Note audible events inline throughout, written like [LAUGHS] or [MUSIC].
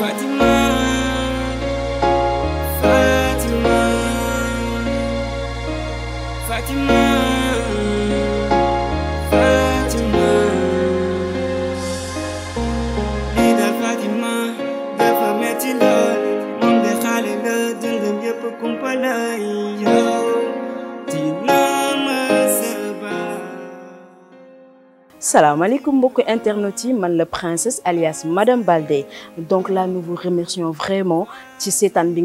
fight. Salam alaikum internautes yi man la princesse alias madame Balde donc là nous vous remercions vraiment ci seetaan bi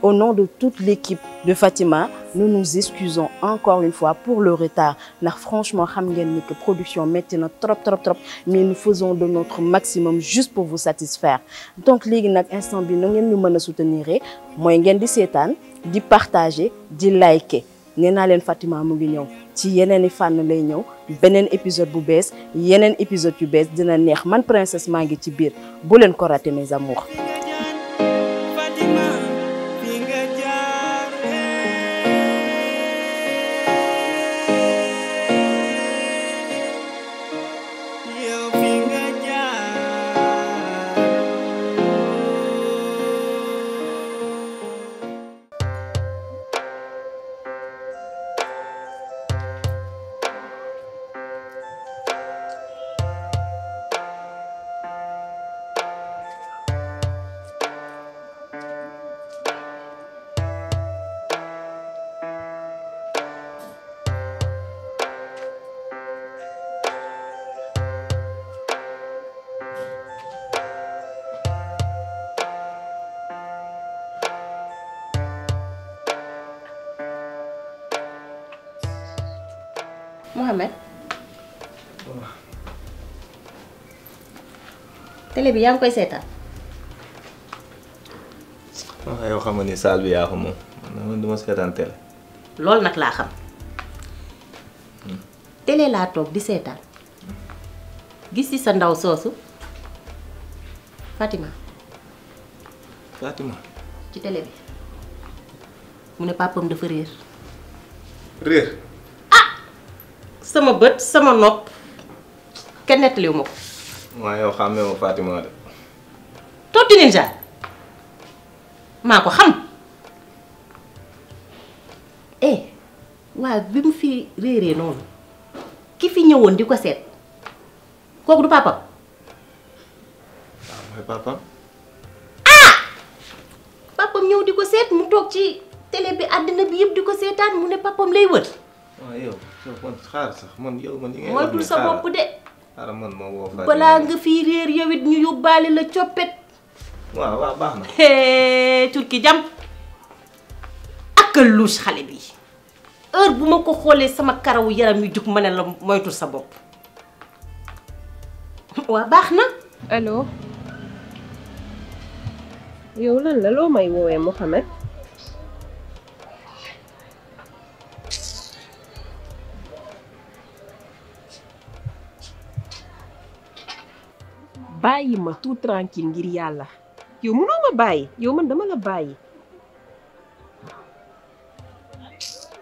au nom de toute l'équipe de Fatima nous nous excusons encore une fois pour le retard ndax franchement xam ngeen ni que production maintenant na trop trop trop mais nous faisons de notre maximum juste pour vous satisfaire donc léegi nag instant bi nous ngeen soutenir mooy di seetaan di partager di liker N'en Fatima mu ci yeneen i fànn lay ñëw beneen épisode bu bees yeneen épisode yu bees dina neex man princesse maa ngi ci biir bu leen ko raté mes amours Mohamed télé bi yaa ngi koy seetaan eu yow xam nga ni saal bi yaa ko moom man duma seetaan télé loolu nag laa xam télé laa toog di seetaan gis ci sa ndaw soosu Fatima Fatima ci télé bi mu ne papam dafa réer réer sama bët sama nopp kenn nettaliwu ko. waaw yow xàmmee ma Fatima de. Tonty Ninja maa ko xam. eh waaw bi mu fi réeree noonu ki fi ñëwoon di ko seet kooku du papa. waaw mooy papa. ah papam ñëw di ko seet mu toog ci télé bi àddina bi yëpp di ko seetaan mu ne papam lay wër. yow man xaar sax man moytul sa bopp de. balaa nga fii réer yow ñu yóbbaale la coppet. na. turki jam ak luus xale bi heure bu ma ko xoolee sama karawu yaram yu jug ma ne la moytul sa bopp waaw baax na. allo yow lan la loo may woowee Mouhamed. bàyyi ma tout tranquille ngir yàlla yow mënoo ma bàyyi yow man dama la bàyyi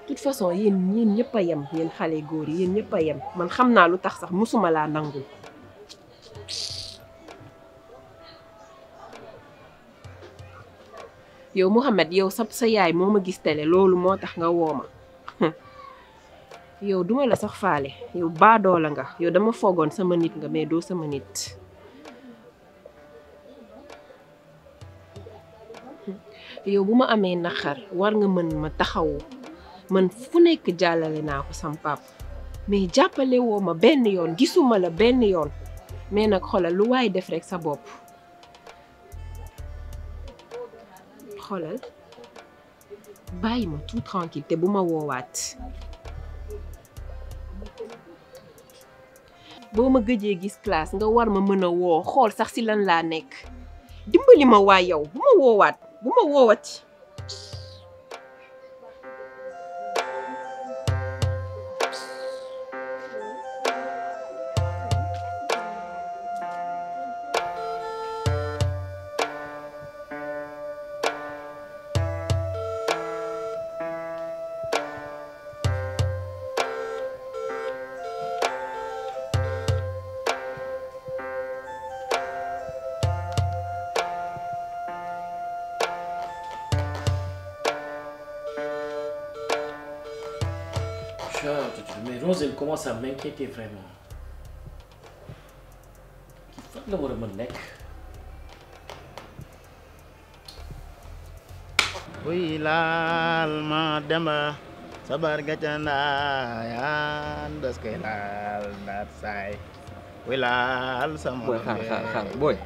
toute façon yéen yéen ñëpp a yem yéen xale góor yi yéen ñëpp a yem man xam naa lu tax sax mosuma laa nangul yow Mouhamed yow sa sa yaay moo ma gis télé loolu moo tax nga woo ma [LAUGHS] yow duma la sax faale yow baadoola nga yow dama foogoon sama nit nga mais doo sama nit yow bu ma amee naqar war nga mën ma taxawu man fu nekk jàllale naa ko sam pap mais jàppale ma benn yoon gisuma la benn yoon mais nag xoolal lu waay def rekk sa bopp xoolal bàyyi ma tout tranquille te bu ma woowaat boo ma gëjee gis classe nga war ma mën a woo xool sax ci lan laa nekk dimbali ma waa yow bu ma woowaat uma ou outra. diagnose, elle commence à m'inquiéter vraiment. Qui fait mon nec Oui, là, madame, ça va gâter là, parce que là, ça Oui, là, ça m'a Boy, khang, khang, khang, boy.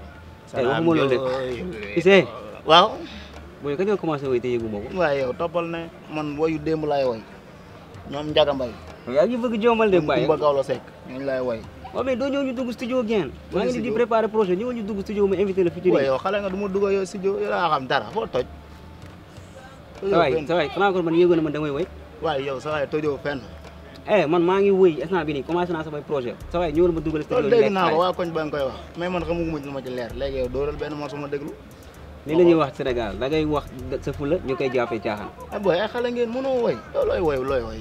Tại ông mua được. Ise. Wow. Boy, cái gì không mà sự thì cũng bố. Vậy, topol này, mình boy, đêm lại rồi. Nhóm gia cầm bay. yagi bëgg joomal de bàyyi Kumba Gawlo sék ñu lay way wa mais do ñëw ñu dugg studio geen ma ngi di préparer projet ñëw ñu dugg studio ma invité la futur yi yow xale nga duma ma dugg yow studio yo la xam dara fo toj way saway saway xanaa ko man yéegoon na man damay way waaye yow way tojo fenn eh man ma ngi wëy instant bi ni commencé naa samay projet sa saway ñëwal ma duggal studio dégg na wa koñ ba nga koy wax mais man xamuguma ci lu ma ci leer légui yow dóoral ben mo sama déglu li la ñuy wax Sénégal da ngay wax sa fula ñukay jafé jaxan caaxaan boy ay eh, xale ngeen mëno way yow looy way loy way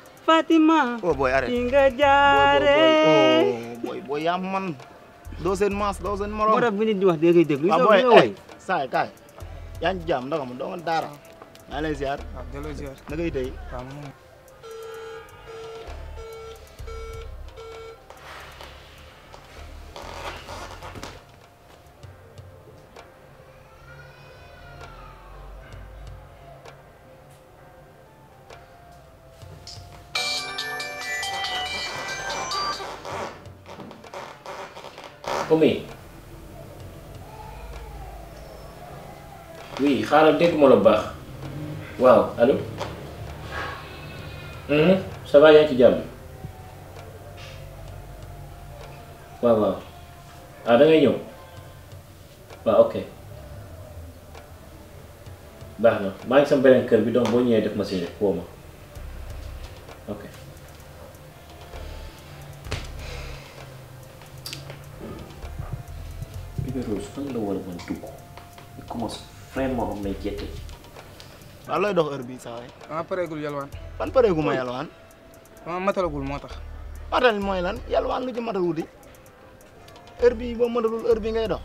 Fatima. Oh, oh boy boy yaa man. doo seen maas doo seen morom. moo di wax dégg dégg. waaw booy eh saa kaay. yaa ngi ci jàmm ndax mu doo nga daara. maa ngi ko mais oui xaaral dégguma la bu baax waaw allo mhm, ça va yaa ci jàmm waaw waaw ah da ñëw waaw ok baax na maa ngi sama beneen kër bi donc boo ñëwee def ma si woo ma. Bébé Rose fan la war a mën dugg ñu commence dox heure bii saa waay ah pareegul yalwaan fan pareegu ma yalwaan dama ah, matalagul moo tax matal mooy lan yalwaan lu ci matal wuti heure bii boo matalul heure bii ngay dox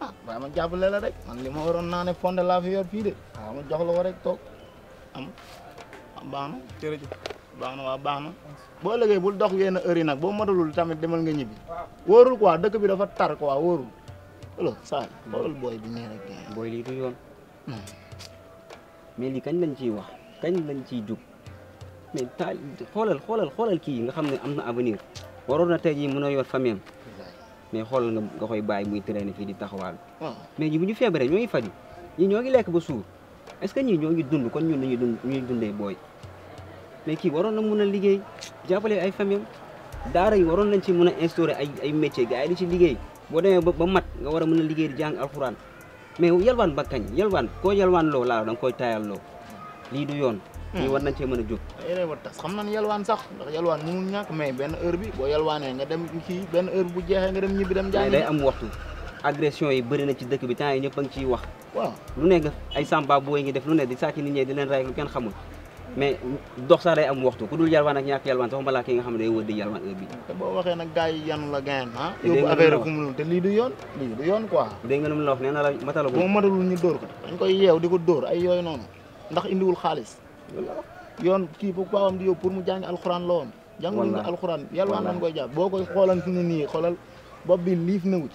ah waaye ma jàppale la rek man li ma waroon naa ne fonde laa fi yor fii de waaw ah, ma jox la ko rek toog am am baax na jërëjëf baax na waaw baax na boo ëllëgee bul dox yenn na yi nag boo motalul tamit demal nga ñibbi wóorul quoi dëkk bi dafa tar quoi wóorul alo saa xoolal booy bi nee rek booy yoon hmm. mais lii kañ lañ ciy wax kañ lañ ciy jug mais taal xoolal xoolal xoolal kii nga xam ne am na avenir waroon na tey jii mën a yor famille mais xoolal nga nga koy bàyyi muy traîner fii di taxawaalu mais ñi bu ñu feebaree ñoo ngi faju ñii ñoo ngi lekk ba suur est-ce que ñii ñoo gi dund kon ñun nañu dund ñuy dundee booy mais kii waroon na mun a liggéey jàppale ay famille daara yi waroon nañ ci mun a instauré ay ay métier gars di ci liggéey boo demee ba mat nga war a mun a liggéey di jàng alxuraan mais yalwaan ba kañ yalwaan koo yalwaan loo laa da nga koy taayal loo lii du yoon hmm. lii war nañ cee mën a jóg yéen war tas xam nan yalwaan sax ndax yalwaan mënul ñàkk mais benn heure bi boo yalwaanee nga dem kii benn heure bu jeexee nga dem ñibbi dem jàng day am waxtu agression yi bëri na ci dëkk bi temps yi ñëpp ngi ciy wax waaw lu ne nga ay samba booy ngi def lu di sàcc nit ñi di mais dox saa day am waxtu ku dul yalwaan ak ñàkk yalwaan sax balaa ki nga xam ne day wër di yalwaan heure te boo waxee nag gars yi yanu la gayan ah te lii du yoon lii du yoon quoi dégg nga lu mu la wax nee na la matala ko moom matalul ñu dóor ko dañ koy di ko dóor ay yooyu noonu ndax indiwul xaalis yoon kii bu baawam di yow pour mu jàng alxuraan la woon jàngul na alxuraan yalwaan lañ koy jàpp boo koy xoolan fi ne nii xoolal bopp bi liif nawut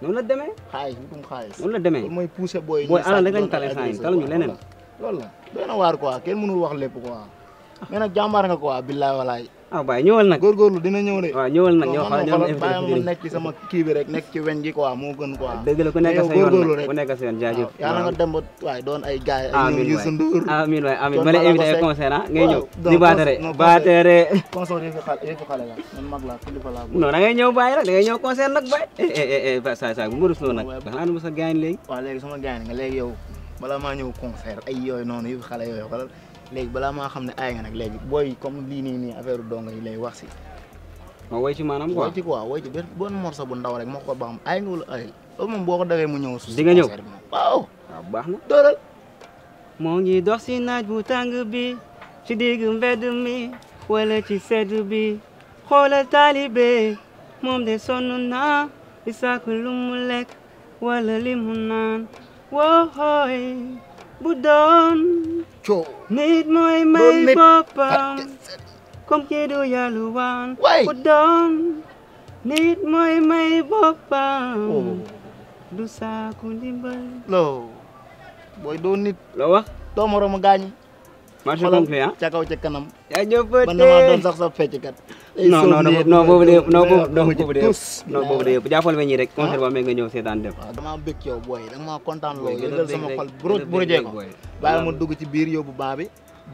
noonu la demee xaalis bu tum xaalis noonu la demee mooy poussé booy booy alal rek lañ tale saa yi taluñu leneen loolu la na waar quoi kenn mënul wax lépp quoi mais nag jàmbaar nga quoi billaay walaay. ah waaye ñëwal nag góorgóorlu dina ñëw de. waaw ñëwal nag ñoo xam ne ñoo bàyyi sama kii bi rek nekk gën quoi. dëgg la ku nekk sa yoon nekk sa yoon jaajëf. waaw nga dem ba waaye doon ay gars yi. yu sunduur amiin waay amiin ma lay invité ay concert ah ngay ñëw. di baatere baatere. concert yi fi xale yi la man ngay ñëw bàyyi rek da ngay ñëw concert nag bàyyi. Eh, eh, eh, saa saa bu ma rus sa gaañ léegi. waaw sama gaañ nga léegi yow balaa maa ñëw concert ay yooyu noonu yu xale yooyu xalal léegi maa xam ne aay nga nag léegi booy comme lii nii nii affaire dongo yi lay wax ma woy ci maanaam quoi woy ci quoi woy ci benn bon morceau bu ndaw rek ma xool ba xam aay mu ñëw. di nga ah, na dooral. moo ngi dox si naaj bu tàng bi ci digg mbedd mi wala ci sedd bi xoolal taalibe moom de sonn naa di sàkk wala li mu naan. Wahai Budon Need my may papam Kom ah, kedo yaluan Budon Need my may papam oh. Dusa kundimbal Lo Boy don't need Lo Tomorrow magani marché concret ah ca kaw ca kanam. jaajëf ba tey man damaa doon sax sax feccikat. non non non boobu de non boobu de non boobu de jàppal ma ñii rek concert ba nga ñëw seetaan dem. waaw damaa bëgg yow booy da nga maa kontaan lool yëgal sama xol bu rëjee ko bàyyi ma dugg ci biir yóbbu baa bi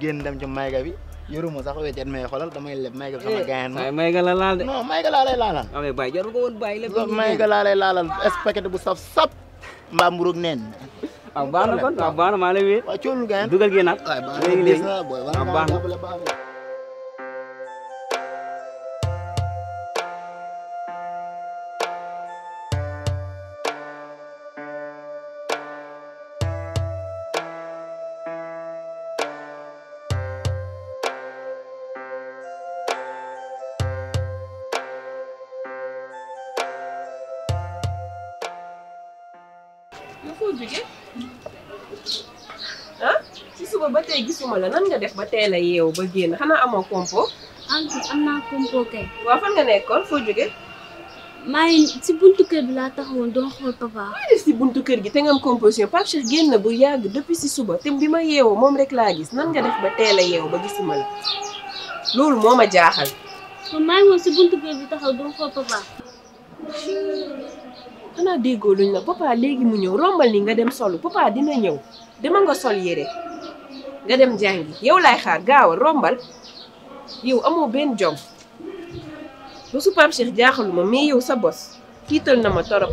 génn dem ci mayga bi yoruma sax weccet may xoolal damay leb mayga sama gaañan ma. mayga la laal de non mayga laa lay laalal. waaw mais bàyyi jarul ko woon bàyyi leb mayga laa lay laalal espaghetti bu saf sap mbaa mburoog neen ak baax na kon ak baax na maa lay wéy dugal gi nag léegi léegi ak baax xawma nan nga def ba teel a yeewu ba génn xanaa amoo compo. am am naa compo kay. waaw fan nga nekkoon foo jóge maa ngi si buntu kër bi laa taxawoon doon xool papa. si buntu kër gi te nga am composition Pape Cheikh bu yàgg depuis si suba te bi ma yeewoo moom rek laa gis nan nga def ba teel a yeewu ba gisuma la loolu moo ma jaaxal. kon maa ngi si buntu kër bi taxaw doo xool papa. xanaa déggoo luñ la papa léegi mu ñëw rombal ni nga dem solu papa dina ñëw dama nga sol yére. nga dem jàngi yow laay xaar gaawal rombal yow amoo benn jom bu su Pape Cheikh jaaxaluma mais yow sa bos tiital na ma torop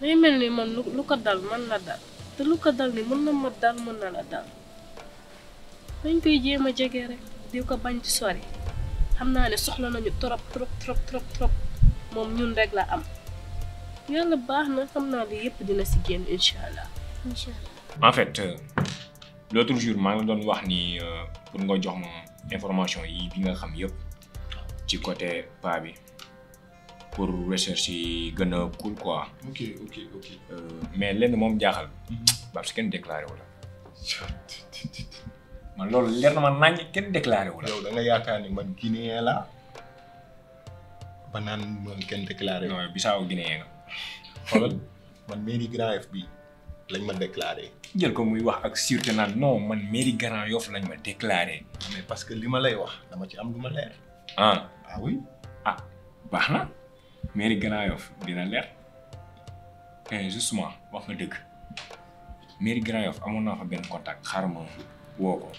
day mel ni man lu ko dal man la dal te lu ko dal ni mën na ma dal mën na la dal dañ koy jéem a jege rek di ko bañ ci sori xam naa ne soxla nañu trop trop trop trop moom ñun rek la am yàlla baax na xam naa li yëpp dina si génn incha allah. incha allah en fait euh, l'autre jour maa ngi doon wax ni euh, pour nga jox ma information yi bi nga xam yëpp ci côté paa bi. pour recherche yi gën cool quoi. ok ok ok. Euh, mais lenn mom jaxal parce que ken déclaré wala man loolu lenn na ma nañ ken déclaré wala yow da nga yakane man guinéen la banan naan man kenn déclaré. non bisaaw guinéen nga. xolal man mairie Grand fb lañ ma déclaré. jël ko muy wax ak sûreté nan non man mairie Grand yof lañ ma déclaré. mais parce que lima lay wax dama ci am lu lèr ah ah oui ah baxna mairie Grand yof dina leer et justement wax nga dëgg mairie Grand yof amoon naa fa benn contact xarma woko woo ko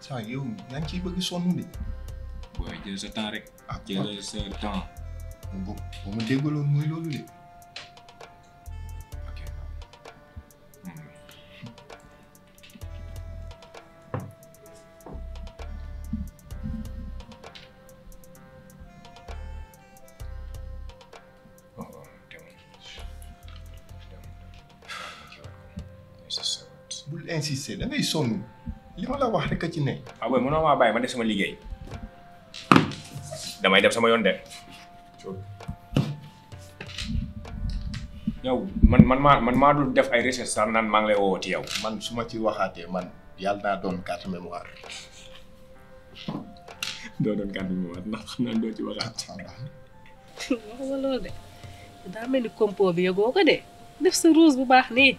saa yow yaa ngi ciy bëgg sonn de booy jël sa temps rek jël sa temps bu ma déggaloon muy loolu de commencé da li ma la wax rek a ci ne. ah booy maa bàyyi ma def sama liggéey damay def sama yoon de. yow man man maa man maa dul def ay recherche sax naan maa ngi lay woowati yow. man su ma ci waxaatee man yàlla naa doon carte mémoire. [LAUGHS] doo doon carte mémoire ndax xam naa doo ci waxaat. [LAUGHS] waxuma loolu de daa mel ni compo bi yëgoo ko de def sa rose bu baax nii.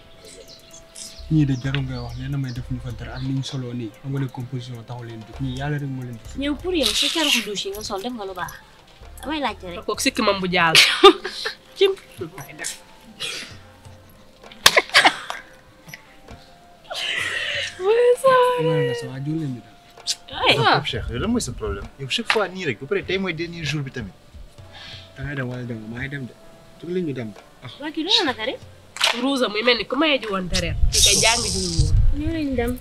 ñii de jarul ngay wax nee may def ñu fa dara ak ni ñu soloo nii xam ne composition taxu leen def ñii yàlla rek moo leen def. ñëw pour yow sa carox douche yi nga nga bu jaal. [LAUGHS] cim. waaw ah. Cheikh yow lan mooy sa mooy dernier jour bi tamit. dem wala dem maa ngi dem de tur la ñu dem. Ah. waa kii doo na naka rek. ruusa muy mel ni ku maye ji woon deret ki kay jàng ji woon nee nañ dem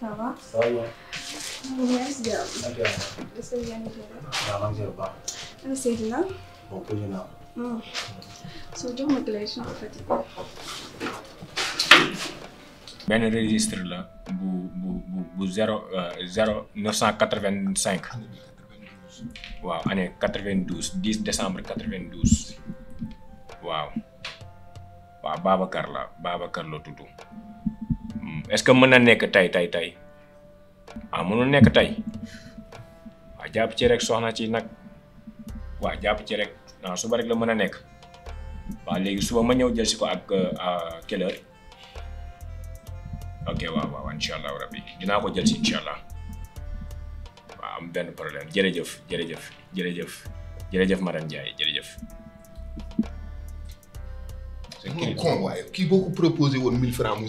ça va. ça va yow. maa benn registre la bu zéro neuf cent quatre vingt cinq waaw année décembre waaw waaw Babacar la Babacar la tudd. est-ce que mën nek tay tay tay? tey ah mënul nekk tey Wa jàpp ci rek soxna ci nak. Wa japp ci rek ah suba rek la mën a nekk waaw suba ma ñew jël ci ko ak quelle heure ok wa wa inshallah rabbi Dina ko jël ci inshallah. Wa am ben problème jere jëf. Jere jëf madame Ndiaye jërëjëf. c' est kii boo beaucoup proposé 1000 francs mu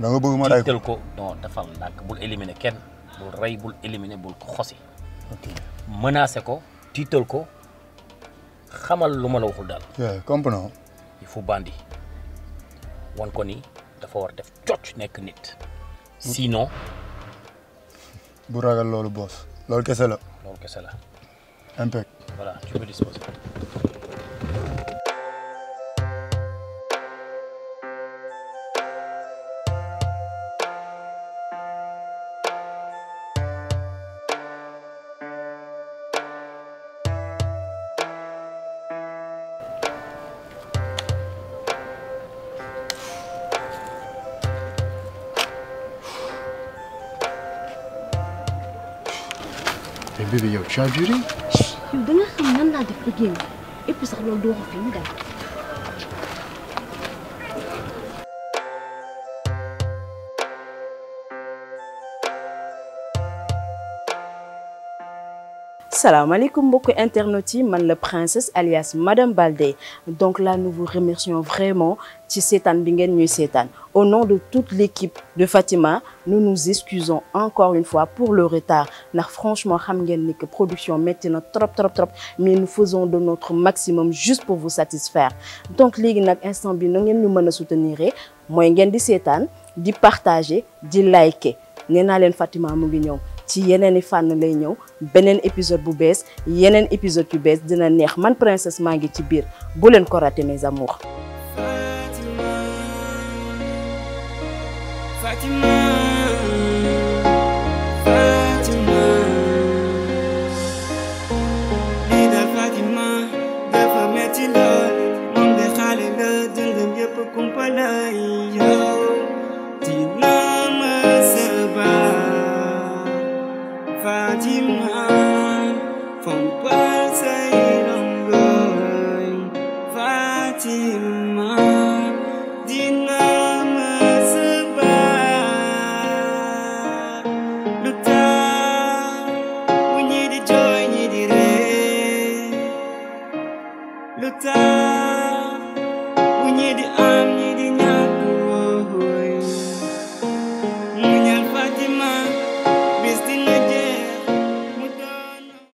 da nga bëgg ma day ko ko non defal ndànk bul éliminer kenn bul rey bul éliminer bul ko xosi. ok ko tiital ko xamal lu ma la waxul daal. oui comprends. il faut bandi ko ni dafa war def cocc nekk nit. sinon. bu ragal loolu boos. loolu kese la. loolu kese la. impec. voilà tu peux disposer. bébé yow tu as duré. yow da nga xam nan laa def ba génn et puis sax loolu doo ko fi mu daal. Salam, malikum beaucoup internauti man la princesse alias madame Balde donc là nous vous remercions vraiment ci setan bi au nom de toute l'équipe de Fatima nous nous excusons encore une fois pour le retard franchement xam que que production est trop trop trop mais nous faisons de notre maximum juste pour vous satisfaire donc léegi nag instant bi nous ngén ñu soutenir di di partager di liker nee Fatima mu ngi ci yeneen i fànn lay ñëw beneen épisode bu bees yeneen épisode bu bees dina neex man princesse maa ngi ci biir bu leen ko raté mes amours Fatima Fatima